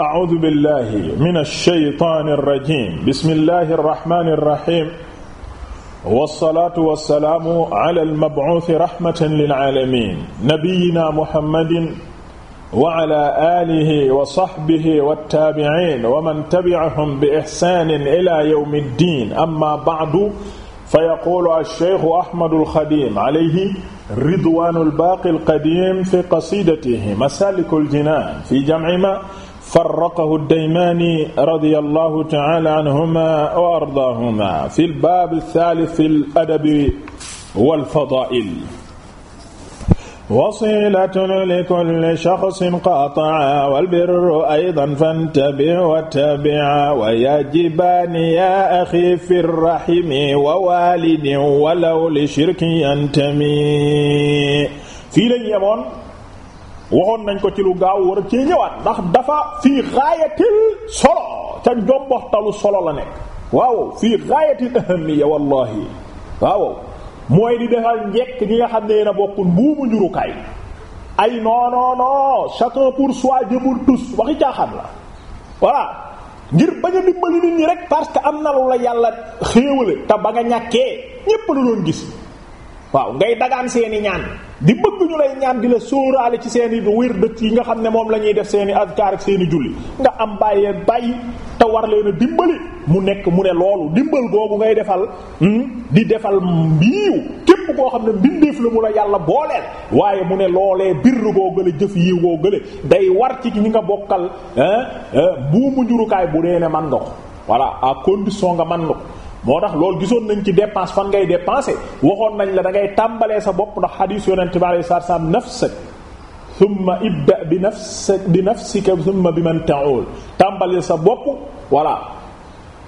أعوذ بالله من الشيطان الرجيم بسم الله الرحمن الرحيم والصلاة والسلام على المبعوث رحمة للعالمين نبينا محمد وعلى آله وصحبه والتابعين ومن تبعهم بإحسان إلى يوم الدين أما بعد فيقول الشيخ أحمد الخديم عليه رضوان الباقي القديم في قصيدته مسالك الجنان في جمع ما farraqahu daymaani radiyallahu ta'ala anhuma wa ardaahuma fil baabi saalis fil adabi wal fadaa'il. wasiilatun likulli shaxsin qata'a wal birru aydan fantabi wattabi'a wa yajibaani yaa axi fi rahimi wa waalidin walaw li shirki yantami. fii lañu yemoon. waxoon nañ ko ci lu gaaw war a cee ñëwaat ndax dafa fii xaayatil solo ca njomboxtalu solo la nekk waaw fii xaayatil ahamiya wallahi waaw mooy di defal njekk ñi nga xam ne na bokkul mbuumu njurukaay ay noo non non chacun pour soi Dieu pour tous waxi caaxaan la voilà ngir bañ a dimbali nit ñi rek parce que am na lu la yàlla xéewale te ba nga ñàkkee ñépp la doon gis waaw ngay dagaan seeni ñaan di bëgg ñu lay ñaan di la sóoraale ci seeni wir wér dëkk yi nga xam ne moom la ñuy def seen i azkar ak seen i julli nga am bàyyee bàyyi te war leen a dimbali mu nekk mu ne loolu dimbal googu ngay defal hmm, di defal mbiiw képp koo xam ne mbindeef la mu la yàlla booleel waaye mu ne loolee birru goo gële jëf yiw goo gële day war ci ñi nga bokkal eh, eh, buumu njurukaay bu dee ne man nga ko voilà à condition nga man nga ko moo tax loolu gisoon nañ ci dépense fan ngay dépenser waxoon nañ la dangay ngay tàmbalee sa bopp ndax xadiis yonent bi alei satu salaam nafsak thumma ibda bi nafsak bi nafsika thumma bi man ta'ul tàmbalee sa bopp voilà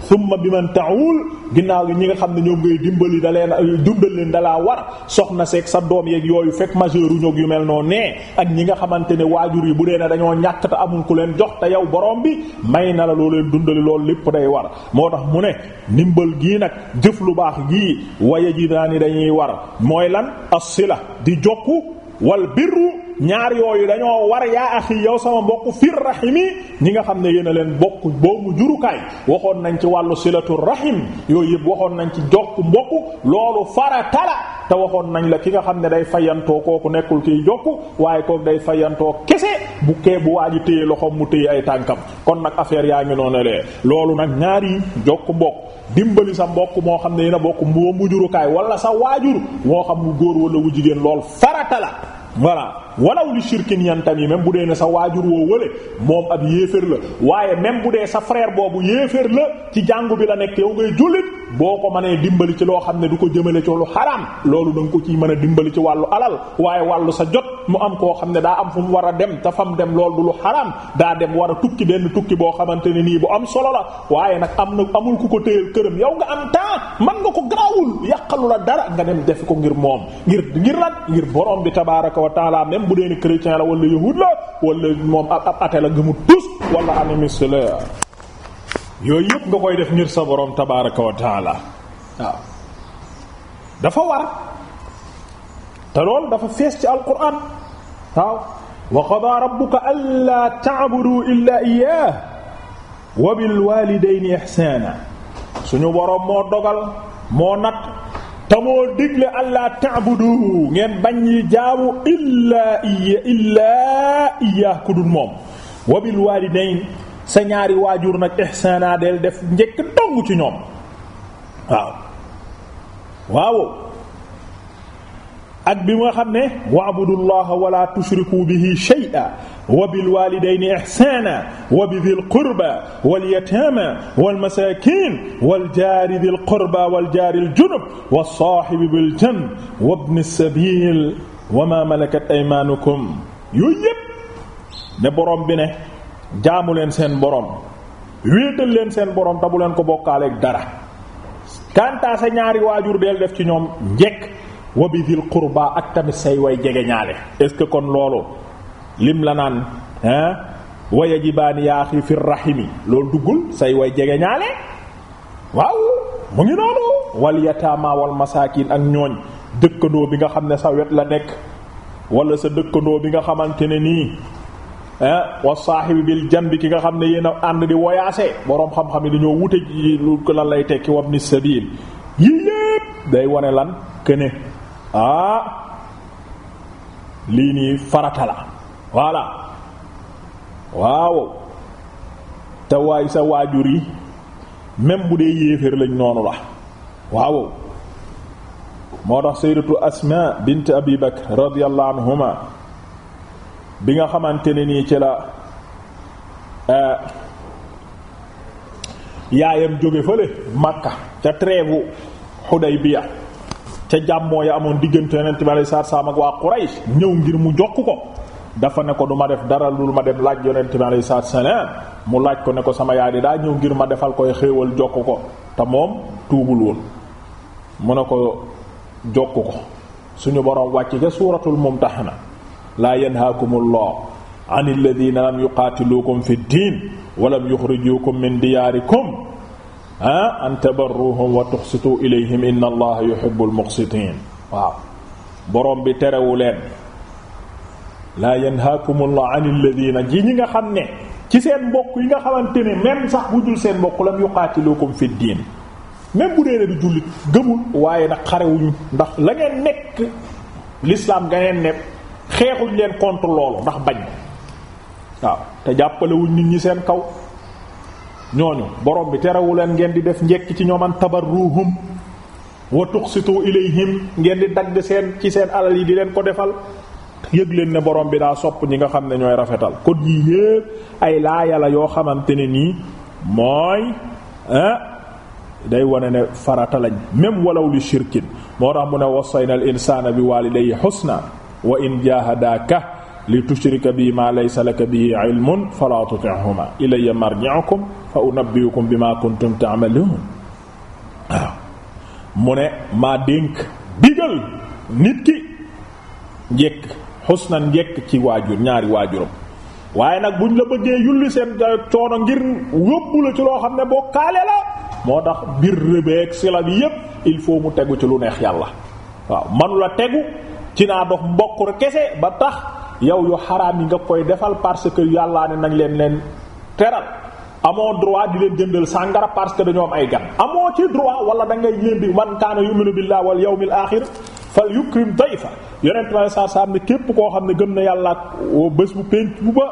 thumma bi man ta'ul ginnaaw yi ñi nga xam ne ñoom ngay dimbali da leen dundal leen dalaa war soxna seeg sa doom yeeg yooyu fekk majeur uñog yu mel noo nee ak ñi nga xamante ne waajur yi bu dee ne dañoo ñàkk te amul ku leen jox te yow borom bi may na la loo leen dundali loolu lépp day war moo tax mu ne ndimbal gii nag jëf lu baax gii waye ji naa ni dañuy war mooy lan as la di jokku wal birru ñaar yooyu dañoo war yaa axi yow sama mbokk fir rahimi ñi nga xam ne yéen leen bokk boobu jurukaay waxoon nañ ci wàllu silatu rahim yooyu yëpp waxoon nañ ci jokk mbokk loolu farata la te waxoon nañ la ki nga xam ne day fayantoo kooku nekkul kiy jokk waaye kooku day fayantoo kese bu kee bu waa ji téye loxoom mu téye ay tànkam kon nag affaire yaa ngi noonu lee loolu nag ñaar yi jokk mbokk dimbali sa mbokk moo xam ne yéen a bokk mboobu jurukaay wala sa waajur moo xam mu góor wala wu jigéen lool farata la voilà walaw li shirkin yi même bu dee ne sa waajur woo wële moom ab yéeféer la waaye même bu dee sa frère boobu yéeféer la ci jàngu bi la nekk yow ngay jullit boo ko mënee dimbali ci loo xam ne du ko jëmale ci lu xaraam loolu da ko ciy mën a dimbali ci wàllu alal waaye wàllu sa jot mu am koo xam ne daa am fu mu war a dem te fam dem lool du lu xaraam daa dem war a tukki benn tukki boo xamante ne nii bu am solo la waaye nag am na amul ku ko téyel këram yow nga am temps man nga ko garaawul yàqalu nga dem def ko ngir moom ngir wa taala même bu dee ni chrétien la wala yahud la wala moom ab athée la gëmut tus wala animiste yooyu yëpp nga koy def ngir sa borom tabaraka wa waaw dafa war te lool dafa fees ci alquran waaw wa rabbuka allaa ta'budu illaa iyyaahu wa bil waalidayni ihsaana suñu boroom moo dogal moo natt te moo digle allah ta'budu ngeen bañ yi illaa iya illaa iya ku dul moom wa bil walidayn sa ñaari waajur nag def njëkk dong ci ñoom waaw waaw ak bi nga xam ne wa'budullaha wala tushriku bihi shay'a wa bil walidayni ihsana wa bi dhil qurba wal yatama wal masakin wal jari dhil qurba wal jari al junub was sahibi bil jan wa ibn sabil wa ma malakat aymanukum yooyu yépp ne borom bi ne jaamu leen seen borom wéetal leen seen borom te bu leen ko bokkaaleeg dara kanta sa ñaari waajur deel def ci ñoom njekk wa bi dhil qurba ak tamit say way jege ñaale est-ce que kon loolu lim la naan ah waya jibaani yaaxi fir rahimi loolu duggul say way jege ñaale waaw mu ngi noonu wal yataama wal ak ñooñ dëkkandoo bi nga xam ne sa wet la nekk wala sa dëkkandoo bi nga xamante ne nii wa saahibi jan bi ki nga xam ne yéen ànd di woyaase boroom xam-xam yi dañoo wute ji lu ko lan lay tekki wabni sabil yii yépp day wane lan këne ah lii nii farata la voilà waaw te waay sa waajur yi même bu dee yéeféer lañ noonu la waaw moo tax sayyidatu asma bint abi bakr radiyallahu bi nga xamante ne nii ci la euh, yaayam jóge fële Makka ca treebu Xudaybiya ca jàmmoo ya amoon diggante yonent bi alei saatu salaam ak waa Quraysh ñëw ngir mu jokk ko dafa ne ko du ma def dara lu ma dem laaj yonent bi alayhi salaatu mu laaj ko ne ko sama yaay di daa ñëw ngir ma defal koy xéewal jokk ko te moom tuubul woon mu ne ko jokk ko suñu boroom wàcc ca suuratul na laa yanhaakumullahu anil ladina lam yuqaatiluukum fi diin walam yuxrijuukum min diyaarikum ah an tabarruhum wa tuqsitu ilayhim inna allaha yuhibbul muqsitin waaw borom bi terewu leen laa yanhaakumullahu anil ladina ji ñi nga xam ne ci seen mbokk yi nga xamante ne même sax bu dul seen mbokk lam yuqaatilukum fi diin même bu dee ne du jullit gëmul waaye nag xarewuñu ndax langeen nekk l'islam nga ngeen nekk xeexuñ leen contre loolu ndax bañ waaw te jàppalewuñ nit ñi seen kaw ñooñu borom bi terewu leen ngeen di def njekk ci man ñooman tabarruhum wa tuqsitu ilayhim ngeen di dagg seen ci seen alal yi di leen ko defal yëg ne borom bi daa sopp ñi nga xam ne ñooy rafetal kon yii yépp ay laaya yoo xamante ne nii mooy ah day wane ne farata lañ même li shirkin moo tax mu ne wassayna al insana bi walidayhi husna wa in jahadaka li tushrika bi ma laysa laka bihi ilmun fala tuti'huma fa unabbi'ukum bima kuntum ta'malun waaw mu ne maa dénk digal nit ki njekk xusnan njekk ci waajur ñaari waajuram waaye nag buñ la bëggee yulli seen coono ngir yóbbu la ci loo xam ne bokkaale la moo tax bir rëbeeg sila bi yépp il faut mu tegu ci lu neex yàlla waaw manu la tegu ci naa dox mbokk kese ba tax yow yu xaraam yi nga koy defal parce que yàllaa ne nañ leen leen teral amoo droit di leen jëndal sàngara parce que dañoo ay gan amoo ci droit wala da ngay leen bi man kaane kaana yu'minu billahi wal yawmil akhir fal yukrim dayfa fa ma saa sa am ne képp koo xam ne gëm na yàllaa ak bés bu penc bu ba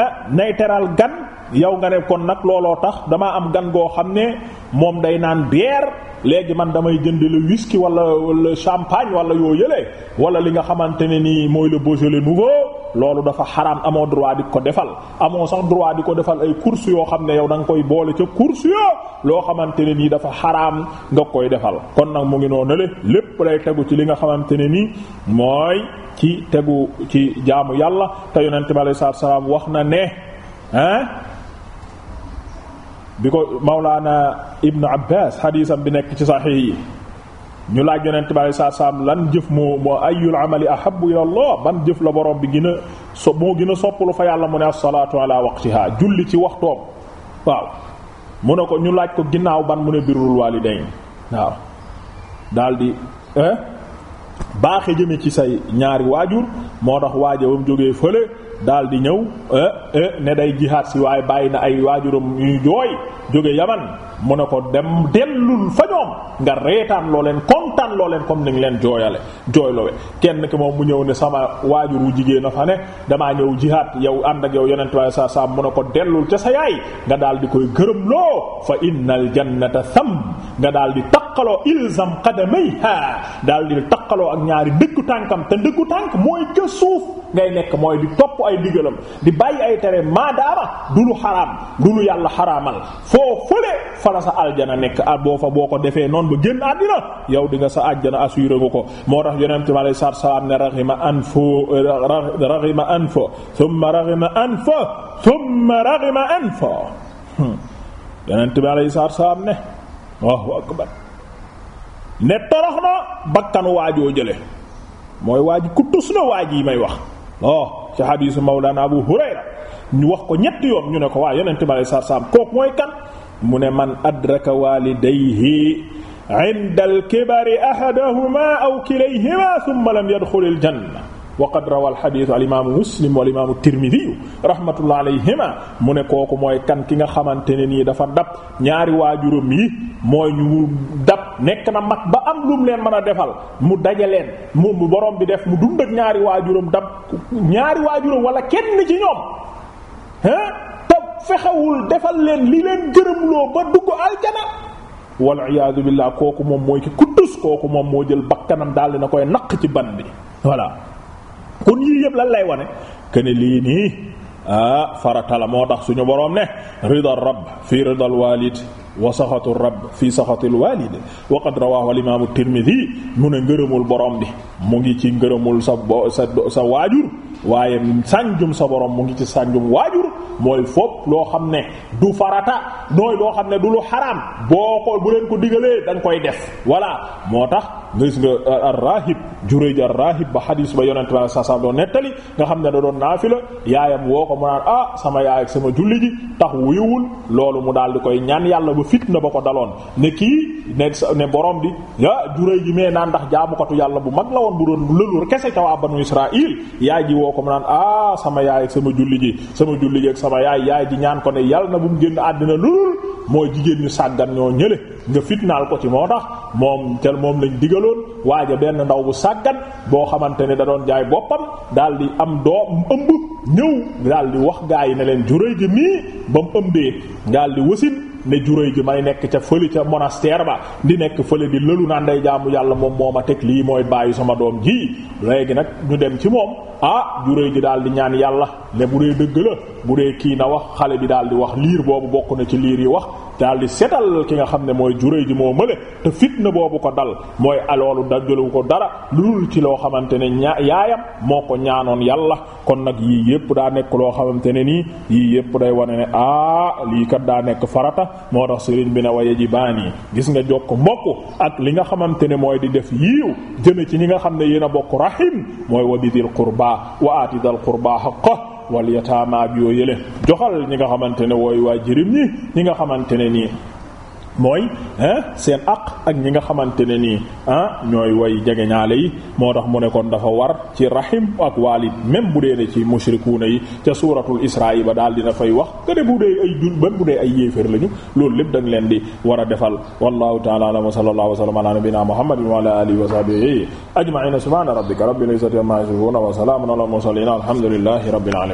ah, nay teral gan yow nga ne kon nag looloo tax damaa am gan goo xam ne moom day naan bière léegi man damay jënd le whisky wala le champagne wala yoo yële wala li nga xamante ne nii mooy le Beaujolais nouveau loolu dafa xaraam amoo droit di ko defal amoo sax droit di ko defal ay courses yoo xam ne yow da nga koy boole ca courses yoo loo xamante ne nii dafa xaraam nga koy defal kon nag mu ngi noonu le lépp lay tegu ci li nga xamante ne nii mooy ci tegu ci jaamu yàlla te yonent bi alayhi salaam wax na ne bi ko Maulana Ibn Abbas xadiisam bi nekk ci saxiix yi ñu laaj yonent bi saa saam lan jëf moo moo ayul amali ahabbu ila Allah ban jëf la borom bi gën so moo gën a soppalu fa yàlla mu ne as-salaatu ala waqtiha julli ci waxtoom waaw mu ne ko ñu laaj ko ginnaaw ban mu ne birrul waalidayn waaw daldi eh? baaxe jëme ci say ñaari waajur moo tax waaja ba mu jógee fële. daal di ñëw eh, eh, ne day jihaad si waaye bàyyi na ay waajuram yu jooy jóge yaman mu ne ko dem dellul fa ñoom nga reetaan loo leen kontaan loo leen comme ni leen jooyale jooyloowe kenn ki moom mu ñëw ne sama waajur wu jigéen a fa ne damaa ñëw jihaad yow ànd ak yow yonent waaye sa sa mu ne ko dellul ca sa yaay nga daal di koy gërëm loo fa innal jannata sam nga daal di taqaloo ilzam qadamayha daal di taqaloo ak ñaari ndëggu tànkam te ndëggu tànk mooy ca ay digalam di bàyyi ay tere maadaama du lu xaraam du lu yàlla xaraamal foo fële fala sa aljana nekk a ah, boo fa boo ko defee noonu ba génn àddina yow di nga sa aljana assuré nga ko moo tax yonente bi alayhi salaam ne hmm. ne torox na bakkanu waajoo jële mooy waaj ku tus na waaj yi may wax oh. ci xadiisu mawlana abu hurayra ñu wax ko ñett yoon ñu ne ko waa yonente bi alei satu salaam kooku mooy kan mu ne man adraka walidayhi inda al kibari ahaduhuma aw kilayhima thumma lam yadxul al janna wa qad rawa alxaditu alimaamu muslim wa alimaamu tirmidiyu rahmatullah alayhima mu ne kooku mooy kan ki nga xamante ne nii dafa dab ñaari waajuram yi mooy ñu dab nekk na mag ba am lu mu leen mën a defal mu daje leen mu borom bi def mu dund ak ñaari waajuram dab ñaari waajuram wala kenn ci ñoom hein te fexewul defal leen li leen gërëmloo ba dugg aljana wal iyaadu billaah kooku moom mooy ki kuddus kooku moom moo jël bakkanam daal di na koy naq ci ban bi voilà kon yii yëpp lan lay wane que ne lii nii ah farata la moo tax suñu boroom ne rida rab fi rida al walid wa saxatu rabb fi saxati al walid wa qad al imam mu ne ngërëmul boroom bi mu ngi ci ngërëmul sa sa sa waajur waaye sànjum sa borom mu ngi ci sànjum waajur mooy foop loo xam ne du farata nooy loo xam ne du lu xaraam boo ko bu leen ko digalee da koy def voilà moo tax nga gis nga ar-rahib sa sa doon nettali nga xam ne da doon ko mu naan ah sama yaay ak sama julli ji tax mu daal di koy ñaan yàlla ba fitna ba ko daloon ne kii ne ne borom bi ah Jurayj ji mee naan ndax jaamukatu yàlla bu mag la woon bu doon lëlur kese ca waa banu Israil yaay ji woo ko mu naan ah sama yaay ak sama julli ji sama julli ji ak sama yaay yaay ji ñaan ko ne yàlla na bu mu génn àddina lulul mooy jigéen ñu sàggan ñoo ñële nga fitnaal ko ci moo tax moom lañ digal jëloon waaja benn ndaw bu sàggan boo xamante ne da doon jaay boppam daal di am doo ëmb ñëw daal di wax gaa yi ne leen juróoy ji mii ba mu ëmbee wasin ne juróoy gi may nekk ca fële ca monastère ba di nekk fële di lëlu naan day jaamu yàlla moom moo ma teg lii mooy bàyyi sama doom ji léegi nag ñu dem ci moom ah juróoy gi daal di ñaan yàlla ne bu dee dëgg la bu dee kii na wax xale bi daal di wax liir boobu bokk na ci liir yi wax daal di setal ki nga xam ne mooy juróoy ji moo mële te fitna boobu ko dal mooy aloolu dajalewu ko dara lu ci loo xamante ne ñaa yaayam moo ko ñaanoon yàlla kon nag yii yépp daa nekk loo xamante ne nii moo tax sëriñ bi na waye ji baani gis nga jokk mbokk ak li nga xamante ne mooy di def yiiw jëme ci ñi nga xam ne yéen a bokk rahim mooy wa bidil qurba wa aati dal qurba haqqa wal yataama ak yoo yële joxal ñi nga xamante ne wooy waa jirim ñi ñi nga xamante ne nii mooy seen aq ak ñi nga xamante ne nii ah ñooy way jegeñaale yi moo tax mu ne kon dafa war ci rahim ak walid même bu dee ne ci mushrikuuna yi ca suuratul isra yi ba daal dina fay wax kene bu dee ay jun ban bu dee ay yéeféer lañu loolu lépp dañ leen di war a defal wallahu ta'ala a'lam wa sallallahu wa sallama ala nabiyyina muhammadin wa ala alihi wa sahbihi ajma'in subhana rabbika rabbil izzati amma yasifun wa salamun ala mursalin alhamdulillahi rabbil alamin